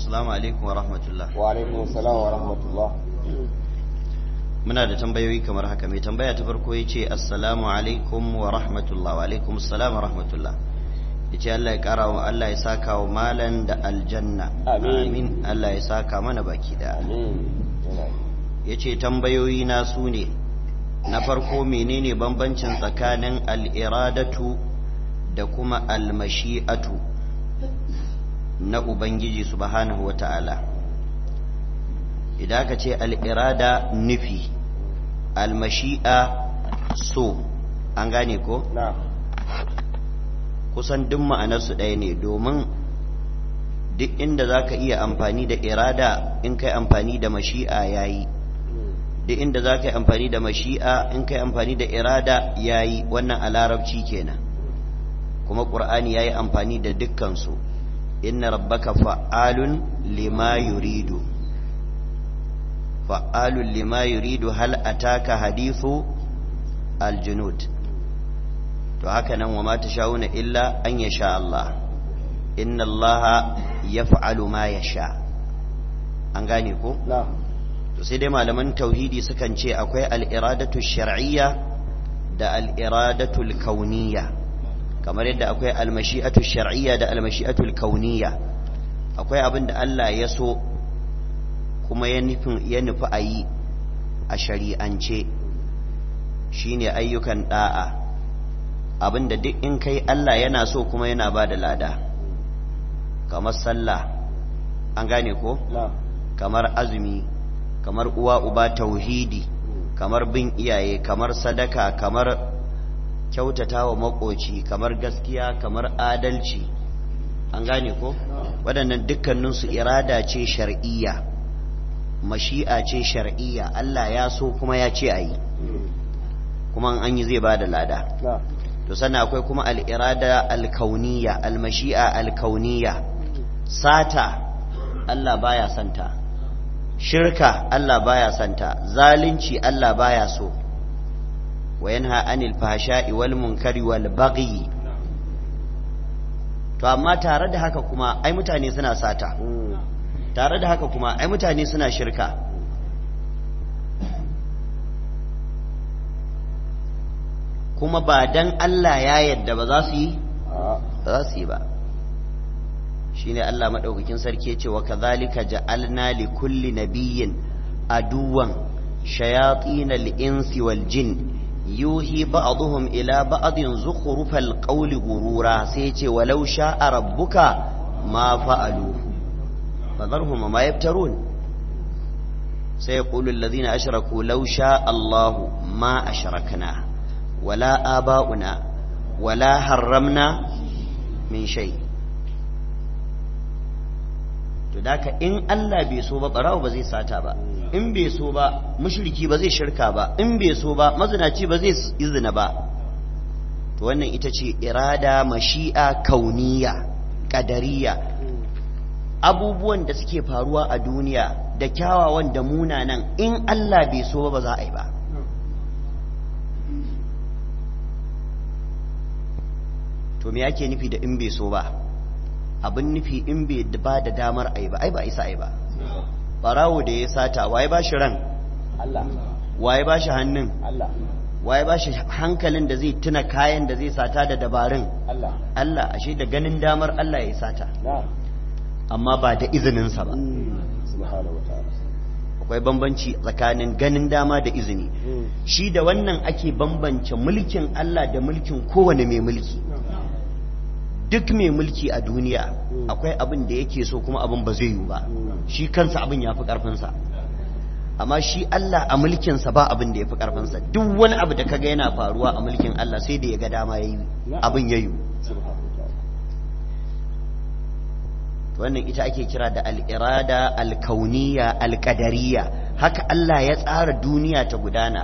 assalamu alaikum wa rahmatullah wa alaikum assalam wa rahmatullah muna da tambayoyi kamar haka mai tambaya ta farko ya ce assalamu alaikum wa rahmatullah wa alaikum assalam wa rahmatullah ya ce Allah ya kara wa Allah ya saka wa malan da aljanna amin Allah ya saka mana baki da ya ce tambayoyi na su ne na farko menene bambancin tsakanin al'iradatu da kuma almashi'atu na ubangiji subhanahu wata'ala idan ka ce al'irada nufi almashi'a so an gane ko? kusan duk ma'anarsu ɗaya ne domin duk inda za ka iya amfani da irada in kai amfani da mashi'a yayi duk inda za ka yi amfani da mashi'a in kai amfani da irada yayi wannan a larabci kenan kuma ƙur'ani ya yi amfani da dukkansu inna rabbaka fa'alun lima yuridu fa'alun lima yuridu hal ataka hadithu aljanud to haka nan wa ma tashawuna illa an yasha Allah inna Allah yaf'alu ma sha an gane ko to sai dai malaman tauhidi sukan ce akwai al'iradatu iradatu da al kauniyya kamar yadda akwai almashi'atu shar'iyya da almashi'atu kauniyya akwai abin da Allah ya so kuma ya nufin ya nufi a yi a shari'ance shine ayyukan da'a abin da duk in kai Allah yana so kuma yana ba da lada kamar sallah an gane ko kamar azumi kamar uwa uba tauhidi kamar bin iyaye kamar sadaka kamar kyautata wa makoci kamar gaskiya kamar adalci an gane ko waɗannan dukkaninsu irada ce shar'iyya mashi'a ce shar'iyya Allah ya so kuma ya ce a yi kuma an yi zai ba da lada to sannan akwai kuma al'irada alkauniya almashi'a alkauniya sata Allah baya santa shirka Allah baya santa zalunci Allah baya so وينهى عن الفحشاء والمنكر والبغي to amma tare da haka kuma ai mutane suna sata tare da haka kuma ai mutane suna shirka kuma ba dan Allah ya yadda ba za su yi ba za su yi ba shine Allah madaukakin sarki ya ce wa kadhalika ja'alna li kulli nabiyyin aduwan shayatin al-insi wal jinn yuhi ba'dhum ila ba'din zukhrufal qawli gurura sai ce walau sha'a rabbuka ma fa'alu fadharhum ma yaftarun sai yaqulu alladhina ashraku law sha'a Allah ma ashrakna wala aba'una wala harramna min shay' to daka in Allah bai so ba barawo ba zai sata ba in bai so ba mushriki ba zai shirka ba in bai so ba mazinaci ba zai izina ba to wannan ita ce irada mashi'a kauniya kadariya abubuwan da suke faruwa a duniya da kyawawan da munanan in Allah bai so ba za a yi ba to me yake nufi da in bai so ba abin nufi in bai ba da damar ai ba ai ba isa ai ba barawo da ya sata waye ba shi ran Allah waye ba shi hannun Allah waye ba shi hankalin da zai tuna kayan da zai sata da dabarun Allah Allah ashe da ganin damar Allah ya sata amma ba da izininsa ba mm. akwai bambanci tsakanin ganin dama da izini mm. shi da wannan ake bambance mulkin Allah da mulkin kowane mai mulki mm. duk mai mulki a duniya akwai abin da yake so kuma abin ba zai yiwu ba shi kansa abin ya fi ƙarfinsa amma shi Allah a mulkinsa ba abin da ya fi ƙarfinsa duk wani abu da kaga yana faruwa a mulkin Allah sai da ya ga dama ya yi abin ya yi wannan ita ake kira da al'irada alkauniya alkadariya haka Allah ya tsara duniya ta gudana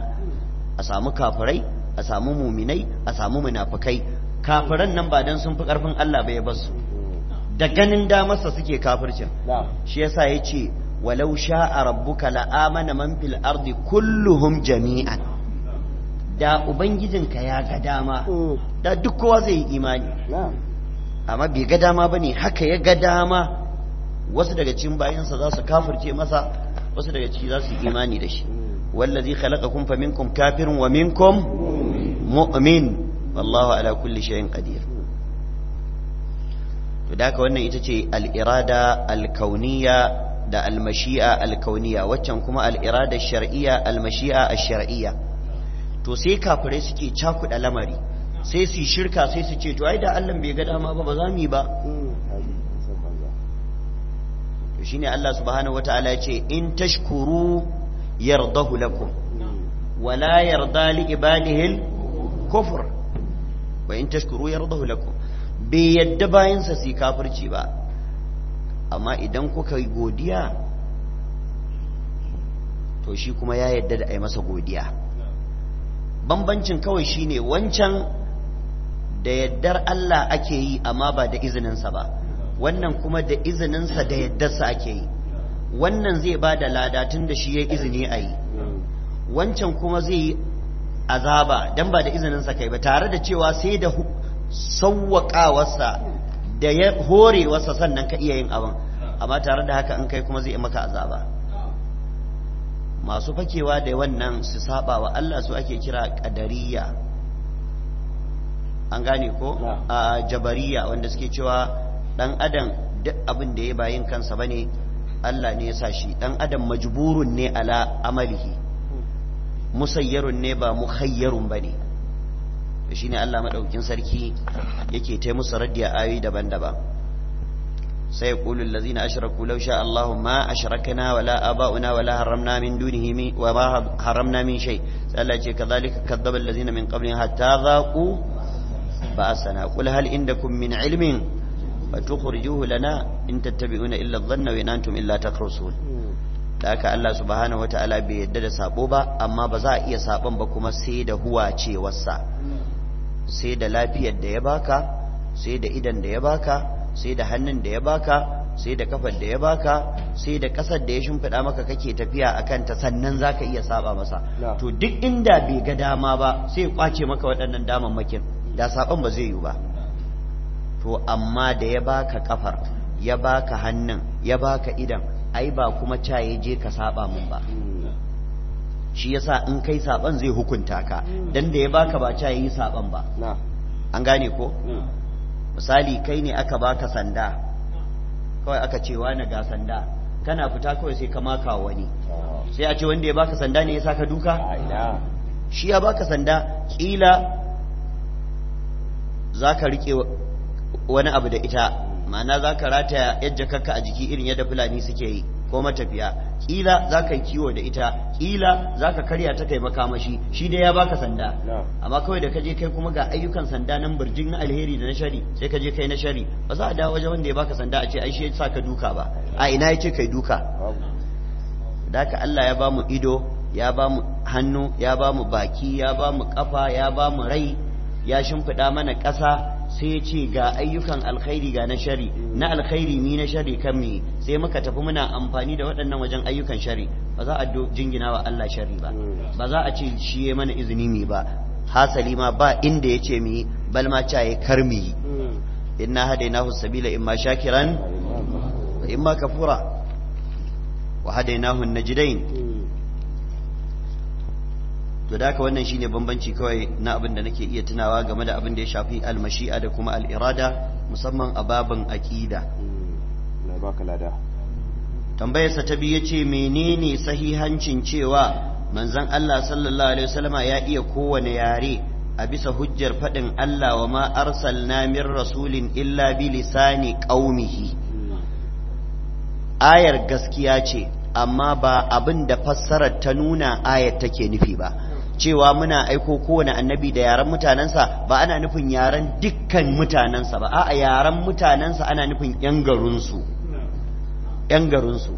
a samu kafirai a samu muminai a samu munafukai kafiran nan ba dan sun fi karfin Allah ba ya bar su da ganin damarsa suke kafircin shi yasa ya ce walau sha'a rabbuka la'amana man fil ardi kulluhum jami'an da ubangijinka ya ga dama mm. da duk kowa zai yi imani amma bai ga dama bane haka ya ga dama wasu daga cikin bayansa za su kafirce masa wasu daga ciki za su yi imani da shi mm. wallazi khalaqakum faminkum kafirun wa minkum mm. mu'min wallahu ala kulli shay'in qadir to daka wannan ita ce al-irada al-kauniyya da al-mashi'a al-kauniyya waccan kuma al-irada shar'iyya al-mashi'a ash-shar'iyya to sai kafirai suke cakuɗa lamari sai su shirka sai su ce to ai da Allah bai ga dama ba ba za mu yi ba to shine Allah subhanahu wataala ya ce in tashkuru yardahu lakum wala yarda li ibadihi kufr wa in tashkuru yardahu lakum bai yadda bayansa si kafirci ba amma idan kuka yi godiya to shi kuma ya yadda da ai masa godiya bambancin kawai shine wancan da yaddar Allah ake yi amma ba da izininsa ba wannan kuma da izininsa da yaddarsa ake yi wannan zai bada lada tun da shi ya izini a yi wancan kuma zai yi azaba dan ba da izinin sa kai ba tare da cewa sai da sawwakawarsa da ya hore wasa sannan ka iya yin abin amma tare da haka in kai kuma zai maka azaba masu fakewa da wannan su saba wa Allah su ake kira kadariya an gane ko a jabariya wanda suke cewa dan adam duk abin da ya bayin kansa bane Allah ne ya sa shi dan adam majburun ne ala amalihi musayyarun ne ba muhayyarun ba ne shi ne Allah maɗaukin sarki yake ta musu raddiya ayoyi daban-daban sai ya ƙulun lazina ashiraku sha Allah ma ashirakana wala aba'una wala haramna min dunihi wa ma haramna min shai sai Allah ce kazalika kazzaba na min qablin hatta a ba'asana qul hal kun min ilmin fatukhrijuhu lana in tattabi'una illa dhanna wa in antum illa takhrusun da aka Allah subhanahu wataala bai yadda da sabo ba amma ba za a iya sabon ba kuma sai da huwa wasa. sai da lafiyar da ya baka sai da idan da ya baka sai da hannun da ya baka sai da kafar da ya baka sai da kasar da ya shimfiɗa maka kake tafiya a kanta sannan za ka iya saba masa to duk inda bai ga dama ba sai ya kwace maka waɗannan damammakin da saban ba zai yi ba to amma da ya baka kafar ya baka hannun ya baka idan ai ba kuma caye je ka saba mun ba shi yasa in kai saban zai hukunta ka dan da ya baka ba caye yi saban ba an gane ko misali kai ne aka baka sanda kawai aka ce wani ga sanda kana fita kawai sai ka maka wani sai a ce wanda ya baka sanda ne ya saka duka shi ya baka sanda kila za ka rike wani abu da ita ma'ana za ka rataya yadda kakka a jiki irin yadda fulani suke yi ko matafiya kila za ka yi kiwo da ita ƙila za ka karya ta kai makamashi shi dai ya baka sanda amma kawai da ka je kai kuma ga ayyukan sanda nan birjin na alheri da na shari sai ka je kai na shari ba za a dawo wajen wanda ya baka sanda a ce ai shi ya saka duka ba a ina ya ce kai duka da ka Allah ya ba mu ido ya ba mu hannu ya ba mu baki ya ba mu kafa ya ba mu rai ya shimfiɗa mana ƙasa sai ya ce ga ayyukan alkhairi ga na shari na alkhairi mi na shari kan sai muka tafi muna amfani da waɗannan wajen ayyukan shari ba za a jingina wa Allah shari ba ba za a ce shi ya mana izini mi ba hasali ma ba inda ya ce mi bal ma caye kar mi hade hadainahu sabila ma shakiran in ma kafura wa na najidain to da haka wannan shine bambanci kawai na abin da nake iya tunawa game da abin da ya shafi almashi'a da kuma al'irada musamman a babin aqida hmm. tambayarsa ta biyu yace menene sahihancin cewa manzon Allah sallallahu alaihi wasallama ya iya kowane yare a bisa hujjar faɗin Allah wa ma arsalna min rasulin illa bi lisani qaumihi ayar gaskiya ce amma ba abin da fassarar ta nuna ayar take nufi ba cewa muna aiko kowane annabi da yaren mutanensa ba ana nufin yaren dukkan mutanensa ba a'a yaren mutanensa ana nufin yan garinsu yan garinsu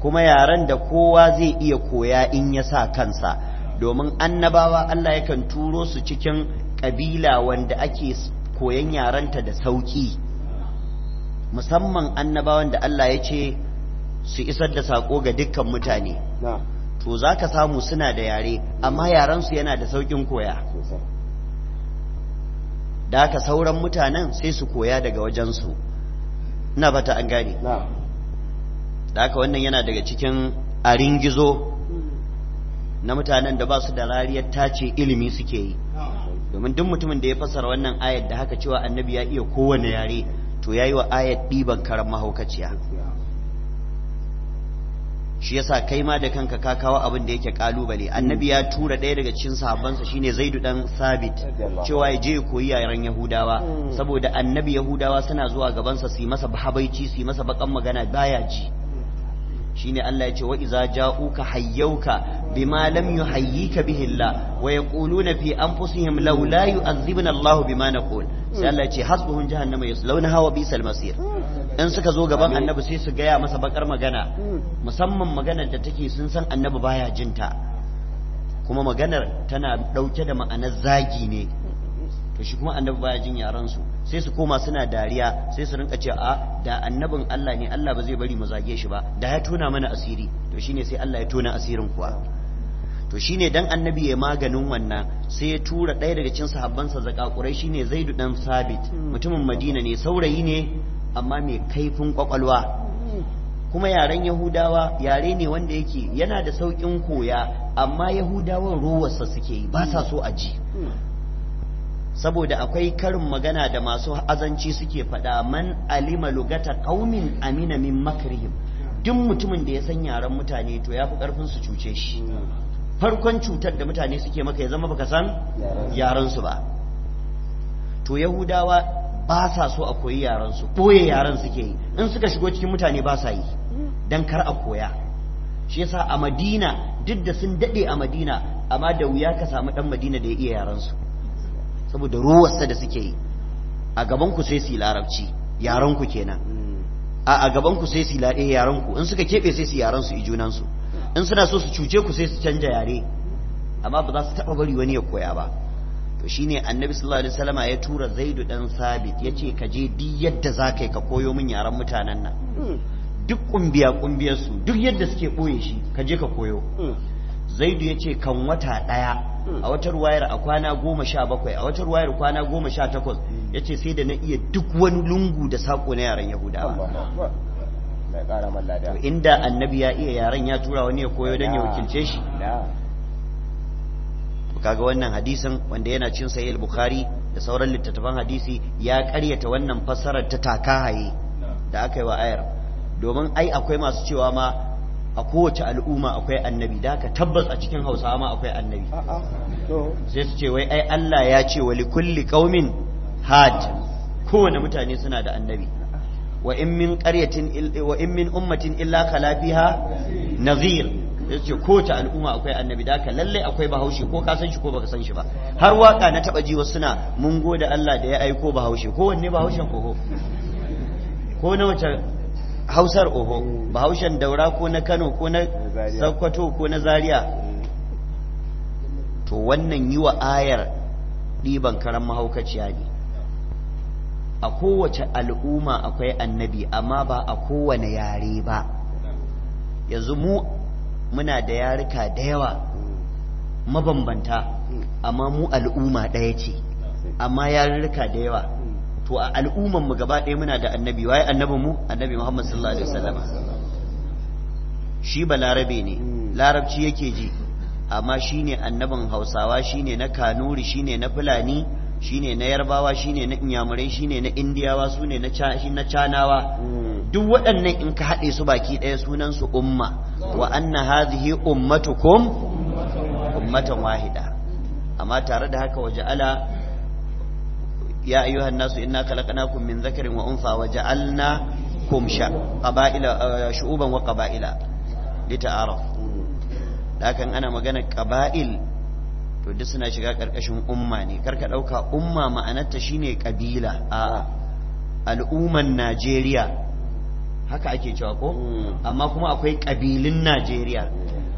kuma yaren da kowa zai iya koya in ya sa kansa domin annabawa Allah yakan turo su cikin kabila wanda ake koyan yarenta da sauki musamman annabawan da Allah ya ce su isar da sako ga dukkan mutane to za ka samu suna da yare amma yarensu yana da sauƙin koya da aka sauran mutanen sai su koya daga wajensu ina fata an gane da aka wannan yana daga cikin arin gizo na mutanen da ba su da rariyar tace ilimi suke yi domin duk mutumin da ya fasara wannan ayat da haka cewa annabi ya iya kowane yare to ya yi wa ayat ɗiban karan mahaukaciya shi yasa kai ma da kanka ka kawo abin da yake kalubale annabi ya tura ɗaya daga cikin sahabbansa shine zaidu dan sabit cewa ya je koyi yaren yahudawa hmm. saboda annabi yahudawa suna zuwa gabansa su yi masa habaici su yi masa bakan magana baya ji shine Allah ya ce wa iza ja'uka hayyauka bima lam yuhayyika bihi Allah wa yaquluna fi anfusihim law la yu'adhibuna Allah bima naqul sai Allah ya ce hasbuhum jahannama yaslawnaha wa bisal masir in suka zo gaban annabi sai su gaya masa bakar magana musamman maganar da take sun san annabi baya jinta kuma maganar tana dauke da ma'anar zagi ne to shi kuma annabi baya jin yaran su sai su koma suna dariya sai su rinka cewa a da annabin Allah ne Allah ba zai bari mu zage shi ba da ya tona mana asiri to shine sai Allah ya tona asirin kuwa to shine dan annabi ya maganin wannan sai ya tura ɗaya daga cikin sahabbansa kurai shine Zaidu dan Sabit mutumin Madina ne saurayi ne amma mai kaifin kwakwalwa kuma yaren Yahudawa yare ne wanda yake yana da saukin koya amma Yahudawan ruwarsa suke yi ba sa so a ji saboda akwai karin magana da masu azanci suke faɗa man alima lugata qaumin amina min makrihim duk mutumin da ya san yaren mutane to ya fi ƙarfin su cuce shi farkon cutar da mutane suke maka ya zama baka san yaren su ba to yahudawa ba sa so a koyi yaren su koye yaren suke yi in suka shigo cikin mutane ba sa yi dan kar a koya shi yasa a madina duk da sun dade a madina amma da wuya ka samu dan madina da ya iya yaren su saboda ruwarsa da suke yi a gaban ku sai su yi larabci yaran kenan a gaban ku sai su yi eh, yaran ku in suka kebe sai su yaran su ijunan in suna so su cuce ku sai su canja yare amma ba za su taba bari wani ya koya ba to shine annabi sallallahu alaihi wasallama ya tura zaidu dan sabit yace ka je duk yadda kai ka koyo min yaran mutanen nan duk kumbiya kumbiyar duk yadda suke boye shi ka je ka koyo hmm. zaidu yace kan wata ɗaya. a wata ruwayar a kwana goma sha bakwai a wata ruwayar kwana goma sha takwas ya ce sai da na iya duk wani lungu da sako na yaran yahudawa to inda annabi ya iya yaren ya tura wani ya koyo don ya wakilce shi kaga wannan hadisin wanda yana cin al bukhari da sauran littattafan hadisi ya karyata wannan fassarar ta takahaye da aka yi wa ayar domin ai akwai masu cewa ma a kowace al'umma akwai annabi da ka tabbas a cikin hausawa ma akwai annabi sai su ce wai ai Allah ya ce wa likulli qaumin had kowane mutane suna da annabi wa in min qaryatin wa in min ummatin illa kala fiha nadhir sai ce kowace al'umma akwai annabi da ka lalle akwai bahaushe ko ka san shi ko baka san shi ba har waka na taba ji wasu suna mun gode Allah da ya aiko bahaushe ko wanne bahaushen ko ko na wace hausar oho mm. bahaushen daura ko na kano ko na Sakwato, ko na Zariya, mm. to wannan yi wa ayar ɗiban karan mahaukaciya ne a kowace al'umma akwai annabi amma ba a kowane yare ba yanzu mu muna da yarika da yawa mm. mabambanta amma mu al'umma ɗaya ce amma yaruka da yawa to a al'umman mu gaba ɗaya muna da annabi waye annabin mu annabi Muhammad sallallahu alaihi wasallam shi balarabe ne hmm. larabci yake ji amma shine annabin Hausawa shine na Kanuri shine na Fulani shine na Yarbawa shine na Inyamurai shine na Indiyawa sune na na Canawa hmm. duk waɗannan in ka haɗe su baki ɗaya sunan su umma wa anna hadhihi ummatukum ummatan wahida amma tare da haka waja'ala ya ayyuhan nasu inna khalaqnakum min dhakarin wa untha wa ja'alnakum qaba'ila shu'uban wa qaba'ila lita'arafu lakan ana magana qaba'il to duk suna shiga karkashin umma ne karka ɗauka umma ma'anarta shine kabila a al'umman Najeriya haka ake cewa ko amma kuma akwai kabilin Najeriya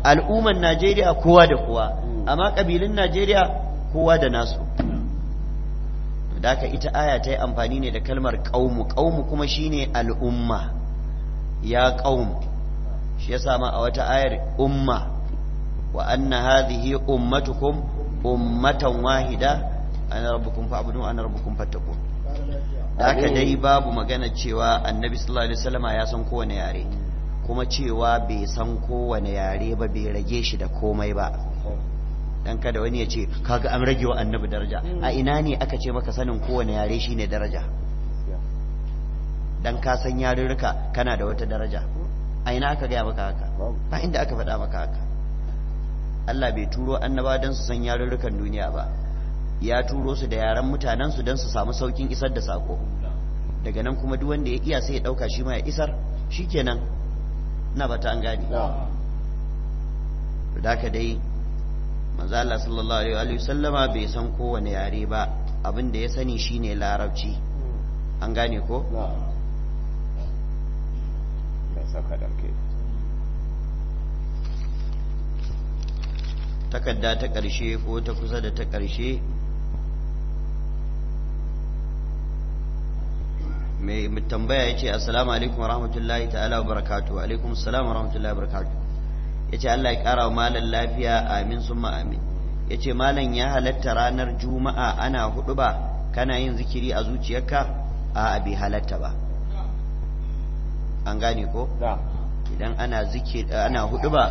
al'umman Najeriya kowa da kowa amma kabilin Najeriya kowa da nasu da ita aya ta yi amfani ne da kalmar ƙaumu ƙaumu kuma shi ne al'umma ya qaum shi ya sama a wata ayar umma wa anna hadhihi ummatukum ummatan wahida ana rabbukum fa'budu ana rabbukum fattaqun da haka dai babu magana cewa annabi sallallahu alaihi wasallama ya san kowane yare kuma cewa bai san kowane yare ba bai rage shi da komai ba dan kada wani ya ce kaga an rage wa annabi daraja hmm. a ina ne aka ce maka sanin kowane yare shi ne daraja dan ka san yarurruka kana da wata daraja a ina aka gaya maka haka ba inda aka faɗa maka haka Allah bai turo annaba don su san yarurrukan duniya ba ya turo su da yaran mutanen su don su samu saukin isar da sako daga nan kuma duk wanda ya iya sai ya dauka shi ma ya isar shikenan na bata an gane da haka dai manzo Allah sallallahu alaihi wasallama bai san kowane yare ba abin da ya sani shine larabci an gane ko Takadda ta ƙarshe ko ta kusa da ta ƙarshe mai tambaya ya ce assalamu alaikum wa rahmatullahi ta'ala wa barakatu alaikum assalamu wa rahmatullahi wa barakatu. yace Allah ya kara wa malan lafiya amin ma'amin amin yace malan ya halatta ranar juma'a ana hudu ba kana yin zikiri a zuciyarka a bai halatta ba an gane ko idan ana zikiri hudu ba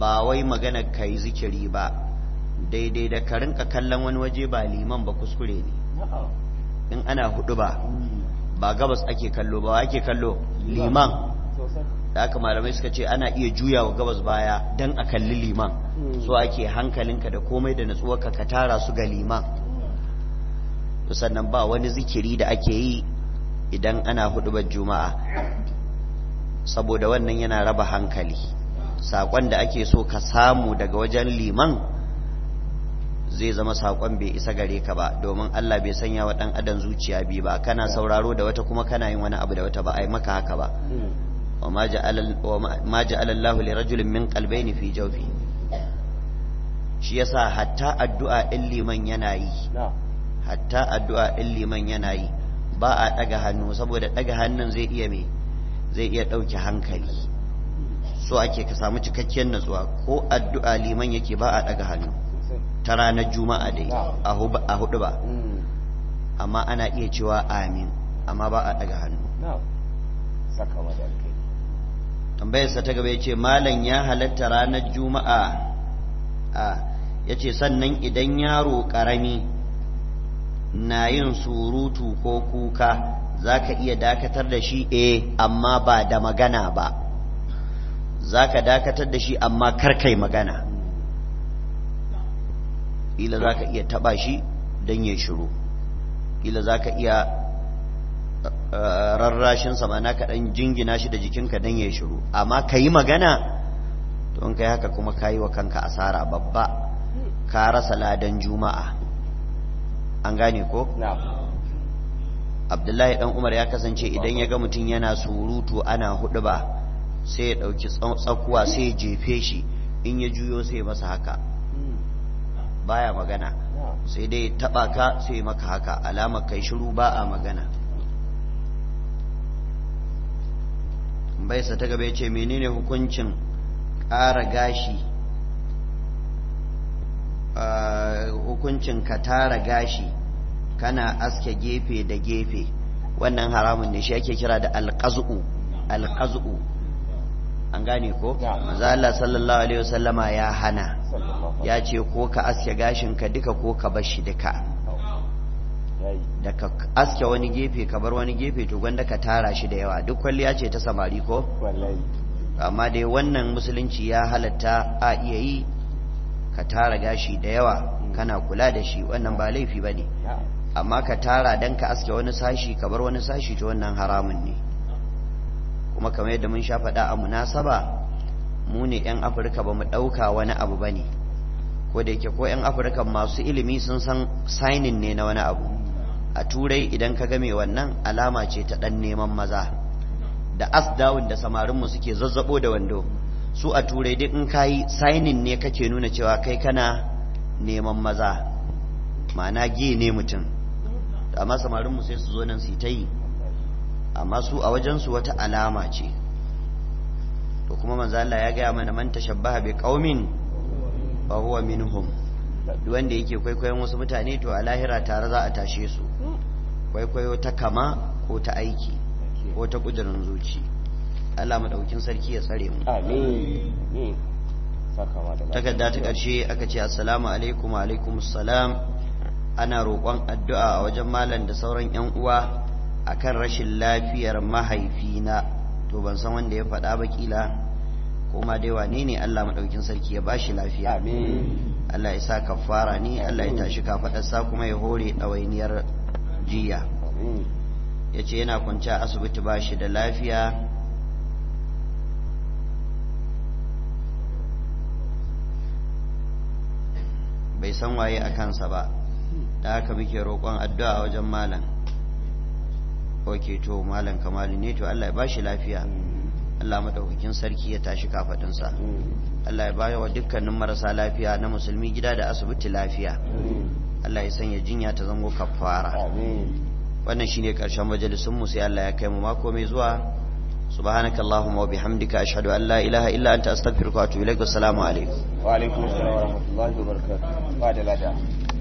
ba wai magana kai zikiri ba daidai da ka rinka kallon wani waje ba liman ba kuskure ne in ana hudu ba ba gabas ake kallo ba ake kallo liman da aka malamai suka ce ana iya juya wa gabas baya don a kalli liman hmm. so ake hankalinka da komai da natsuwarka ka tara su ga liman sannan ba wani zikiri da ake yi idan ana hudubar juma'a saboda wannan yana raba hankali saƙon da ake so ka samu daga wajen liman zai zama saƙon bai isa gare ka ba domin Allah bai sanya wa ɗan adam zuciya biyu ba kana sauraro da wata kuma kana yin wani abu da wata ba a yi maka haka ba hmm. وما جعل وما جعل الله لرجل من قلبين في جوفه shi yasa hatta addu'a in liman yana yi hatta addu'a in liman yana yi ba a daga hannu saboda daga hannun zai iya me zai iya dauke hankali so ake ka samu cikakken natsuwa ko addu'a liman yake ba a daga hannu ta ranar juma'a dai a hudu ba amma ana iya cewa amin amma ba a daga hannu sakawa da alkai tambayarsa ta gaba ya ce malam ya halatta ranar juma'a a ya ce sannan idan yaro ƙarami na yin surutu ko kuka za ka iya dakatar da shi eh amma ba da magana ba za ka dakatar da shi amma karkai magana ila za ka iya taba shi don ya shiru ila za ka iya rarrashin sa ma'ana ka dan jingina shi da jikinka dan ya shiru amma ka yi magana to in kai haka kuma ka wa kanka asara babba ka rasa ladan juma'a an gane ko abdullahi dan umar ya kasance idan ya ga mutum yana surutu ana hudu ba sai ya ɗauki tsakuwa sai ya jefe shi in ya juyo sai masa haka baya magana sai dai taɓa ka sai maka haka Alama kai shiru ba a magana tambayarsa ta gaba ya ce menene hukuncin ƙara gashi ah, hukuncin ka tara gashi kana aske gefe da gefe wannan haramun ne shi ake kira da alƙazu'u alƙazu'u an gane ko zala sallallahu alaihi wasallama ya hana ya ce ko ka aske gashinka duka ko ka bar shi duka da ka aske wani gefe ka bar wani gefe to gwanda ka tara shi da yawa duk kwalliya ce ta samari ko amma dai wannan musulunci ya halatta a iya yi ka tara gashi da yawa hmm. kana kula da shi wannan ba laifi ba ne amma ka tara don ka aske wani sashi ka bar wani sashi to wannan haramun ne kuma kamar yadda mun sha faɗa a munasaba mu ne 'yan afirka ba mu ɗauka wani abu ba ne ko da yake ko 'yan afirka masu ilimi sun san sainin ne na wani abu a turai idan ka game wannan alama ce ta ɗan neman maza da asdawun da samarinmu suke zazzabo da wando su a turai duk in kayi sainin ne kake nuna cewa kai kana neman maza ma'ana ge ne mutum amma samarinmu sai su zo nan su ta yi amma su a wajensu wata alama ce to kuma manzo Allah ya gaya mana man tashabbaha bi qaumin fa huwa minhum wanda yake kwaikwayon wasu mutane to a lahira tare za a tashe su kwaikwayo ta kama ko ta aiki ko ta kudurin zuci Allah madaukin sarki ya tsare mu amin takarda ta karshe aka ce assalamu alaikum alaikum salam ana roƙon addu'a a wajen malam da sauran yan uwa akan rashin lafiyar mahaifina to ban san wanda ya faɗa ba kila ko dai wane ne Allah maɗaukin sarki ya bashi lafiya amin Allah ya sa kafara ni. Allah ya tashi sa kuma ya hore ɗawainiyar jiya ya ce yana kwanci asibiti bashi da lafiya bai san waye a kansa ba da haka muke roƙon addu'a wajen malam ok to malam kamali ne to Allah ya bashi lafiya Allah madaukakin sarki ya tashi kafadinsa Allah ya bayar wa dukkanin marasa lafiya na musulmi gida da asibiti lafiya Allah ya sanya jinya ta zango kafara wannan shine karshen majalisun mu sai Allah ya kai mu mako mai zuwa subhanakallahumma wa bihamdika ashhadu an la ilaha illa anta astaghfiruka wa atubu ilaik assalamu alaikum wa alaikum assalam wa rahmatullahi wa